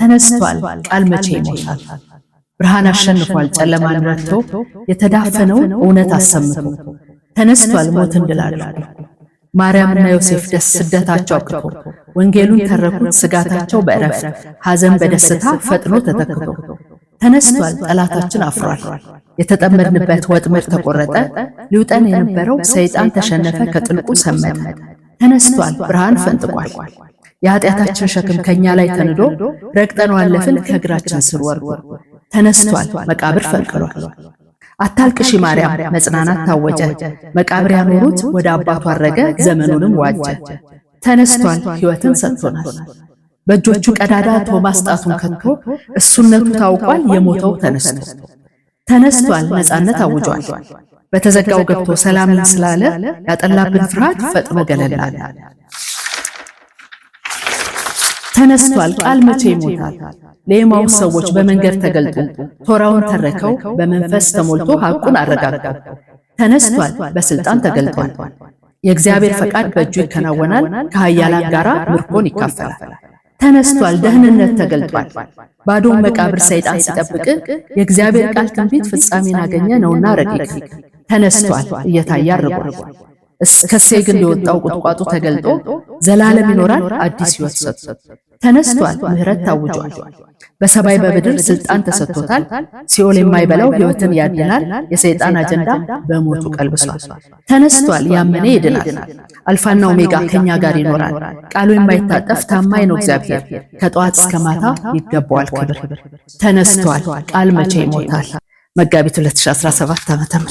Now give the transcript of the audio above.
ተነስቷል፣ ቃል መቼ ይሞታል? ብርሃን አሸንፏል ጨለማን ረድቶ የተዳፈነውን እውነት አሰምቶ፣ ተነስቷል ሞት ድል ማርያምና ዮሴፍ ደስ ስደታቸው አቅቶ ወንጌሉን ተረኩት ስጋታቸው በእረፍት፣ ሐዘን በደስታ ፈጥኖ ተተክቶ፣ ተነስቷል ጠላታችን አፍሯል፣ የተጠመድንበት ወጥመድ ተቆረጠ፣ ሊውጠን የነበረው ሰይጣን ተሸነፈ፣ ከጥልቁ ሰመመ ተነስቷል ብርሃን ፈንጥቋል። የኃጢአታችን ሸክም ከእኛ ላይ ተንዶ ረግጠነው አለፍን ከእግራችን ስር ወርዶ ተነስቷል መቃብር ፈንቅሏል። አታልቅሺ ማርያም መጽናናት ታወጀ። መቃብር ያኖሩት ወደ አባቱ አረገ ዘመኑንም ዋጀ። ተነስቷል ሕይወትን ሰጥቶናል። በእጆቹ ቀዳዳ ቶማስ ጣቱን ከቶ እሱነቱ ታውቋል የሞተው ተነስቶ ተነስቷል ነፃነት አውጇል። በተዘጋው ገብቶ ሰላምን ስላለ ያጠላብን ፍርሃት ፈጥኖ ገለላል። ተነስቷል ቃል መቼ ይሞታል። ለኤማውስ ሰዎች በመንገድ ተገልጡ፣ ቶራውን ተረከው በመንፈስ ተሞልቶ ሐቁን አረጋግጧል። ተነስቷል በስልጣን ተገልጧል። የእግዚአብሔር ፈቃድ በእጁ ይከናወናል። ከኃያላን ጋር ምርኮን ይካፈላል። ተነስቷል ደህንነት ተገልጧል። ባዶን መቃብር ሰይጣን ሲጠብቅ የእግዚአብሔር ቃል ትንቢት ፍጻሜን አገኘ ነውና ረቂቅ ተነስቷል እየታየ አርጓል። እስከ ሴግ እንደወጣው ቁጥቋጦ ተገልጦ ዘላለም ይኖራል አዲስ ሕይወት ተነስቷል፣ ምህረት ታውጇል። በሰማይ በምድር ስልጣን ተሰጥቶታል። ሲኦል የማይበላው ህይወትን ያድናል። የሰይጣን አጀንዳ በሞቱ ቀልብሷል። ተነስቷል፣ ያመነ ይድናል። አልፋና ኦሜጋ ከኛ ጋር ይኖራል። ቃሉ የማይታጠፍ ታማኝ ነው እግዚአብሔር። ከጠዋት እስከ ማታ ይገባዋል ክብር። ተነስቷል፣ ቃል መቼ ይሞታል? መጋቢት 2017 ዓ.ም